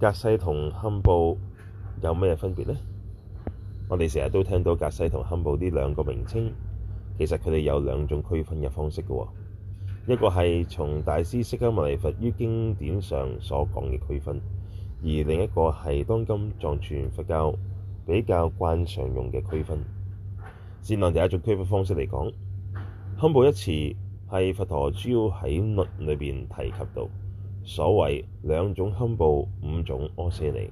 格西同堪布有咩分別呢？我哋成日都聽到格西同堪布呢兩個名稱，其實佢哋有兩種區分嘅方式嘅。一個係從大師釋迦牟尼佛於經典上所講嘅區分，而另一個係當今藏傳佛教比較慣常用嘅區分。先按第一種區分方式嚟講，堪布 一詞係佛陀主要喺律裏邊提及到。所謂兩種堪布、um、五種阿闍黎，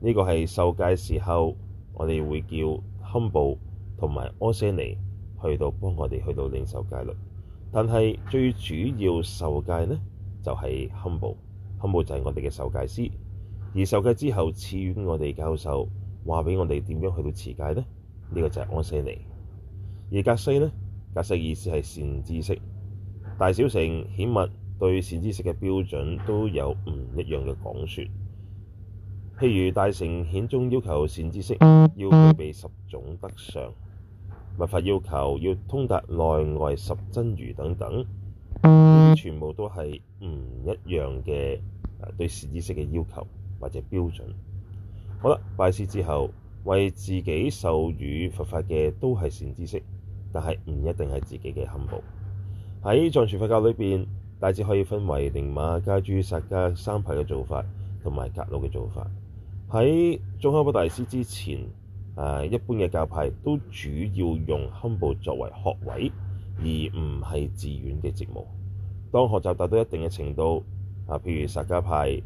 呢個係受戒時候，我哋會叫堪布同埋阿闍黎去到幫我哋去到領授戒律。但係最主要受戒呢，就係堪布，堪布就係我哋嘅受戒師。而受戒之後，賜予我哋教授話俾我哋點樣去到持戒呢？呢、這個就係阿闍黎。而格西呢，格西意思係善知識，大小乘顯密，對善知識嘅標準都有唔一樣嘅講説，譬如大乘顯宗要求善知識要具備，備十種德相，密法要求要通達內外十真如等等，全部都係唔一樣嘅。誒對善知識嘅要求或者標準，好啦，拜師之後為自己授予佛法嘅都係善知識，但係唔一定係自己嘅堪布喺藏傳佛教裏邊，大致可以分為寧瑪、噶舉、薩迦三派嘅做、做法，同埋格魯嘅做法。喺宗喀巴大師之前，啊，一般嘅教派都主要用堪布作為學位，而唔係寺院嘅職務。當學習達到一定嘅程度，啊，譬如薩迦派學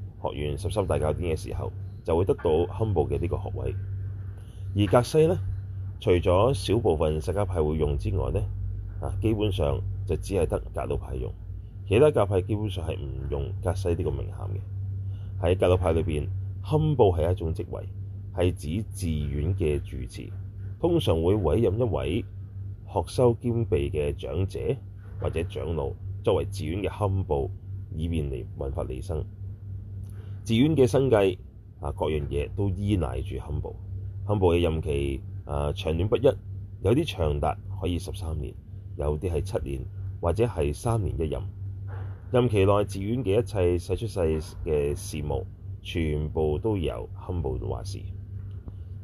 完十三大教典嘅時候，就會得到堪布嘅呢個學位。而格西呢，除咗少部分薩迦派會用之外呢啊，基本上就只係得格魯派用。其他教派基本上係唔用格西呢個名銜嘅。喺格魯派裏邊，堪布係一種職位，係指寺院嘅住持，通常會委任一位學修兼備嘅長者或者長老作為寺院嘅堪布，以便嚟弘法利生。寺院嘅生計啊，各樣嘢都依賴住堪布。堪布嘅任期啊、呃、長短不一，有啲長達可以十三年，有啲係七年，或者係三年一任。任期內，寺院嘅一切世出世嘅事務，全部都由堪布話事。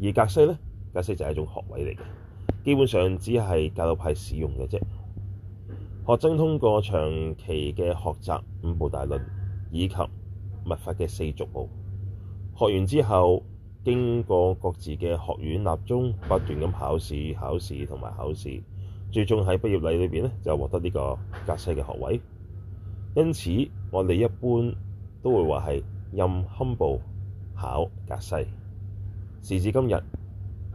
而格西咧，格西就係一種學位嚟嘅，基本上只係格魯派使用嘅啫。學僧通過長期嘅學習五部大論以及密法嘅四續部，學完之後，經過各自嘅學院立宗，不斷咁考試、考試同埋考試，最終喺畢業禮裏邊咧就獲得呢個格西嘅學位。因此，我哋一般都會話係任堪布考格西。時至今日，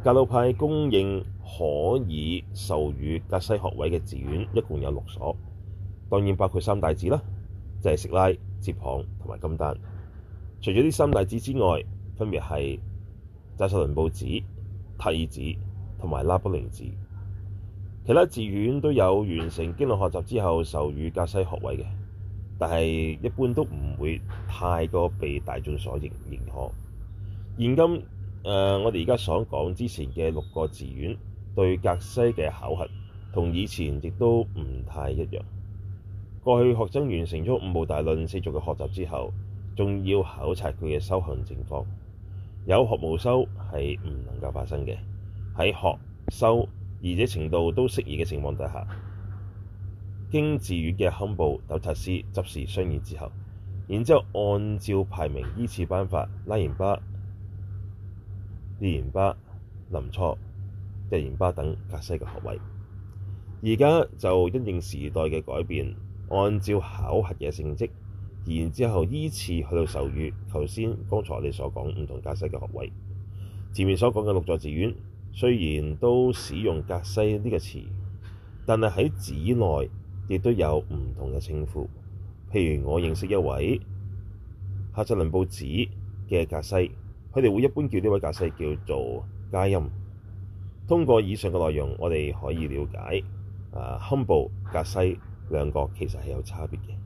格魯派公認可以授予格西學位嘅寺院一共有六所，當然包括三大寺啦，就係、是、色拉、哲蚌同埋甘丹。除咗啲三大寺之外，分別係扎什倫布寺、塔爾寺同埋拉卜楞寺。其他寺院都有完成經論學習之後授予格西學位嘅。但係一般都唔會太過被大眾所認認可。現今誒、呃，我哋而家所講之前嘅六個寺院對格西嘅考核，同以前亦都唔太一樣。過去學生完成咗五部大論四續嘅學習之後，仲要考察佢嘅修行情況。有學無修係唔能夠發生嘅。喺學修二者程度都適宜嘅情況底下，經寺院嘅堪布、糾察師執事商議之後，然之後按照排名依次頒發拉然巴、措然巴、林錯、日然巴等格西嘅學位。而家就因應時代嘅改變，按照考核嘅成績，然之後依次去到授予頭先剛才你所講唔同格西嘅學位。前面所講嘅六座寺院雖然都使用格西呢個詞，但係喺寺內。亦都有唔同嘅稱呼，譬如我認識一位扎什倫布寺嘅格西，佢哋會一般叫呢位格西叫做噶欽。通過以上嘅內容，我哋可以了解，誒堪布、ble, 格西兩個其實係有差別嘅。